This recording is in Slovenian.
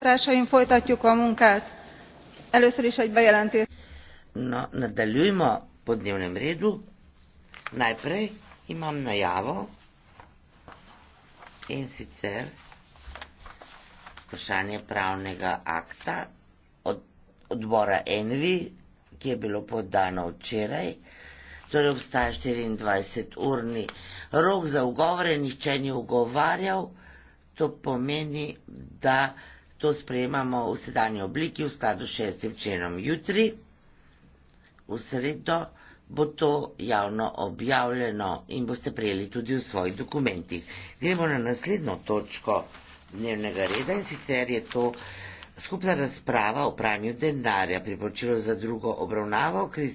na nadaljujmo po dnevnem redu najprej imam najavo in sicer vprašanje pravnega akta od odbora envi ki je bilo podano včeraj torej obstaja štiriindvajset urni rok za ugovore nihče ni ugovarjal to pomeni da to sprejemamo v sedanji obliki v skladu s šestim členom. Jutri, v sredo, bo to javno objavljeno in boste prijeli tudi v svojih dokumentih. Gremo na naslednjo točko dnevnega reda in sicer je to skupna razprava o pranju denarja, priporočilo za drugo obravnavo, ki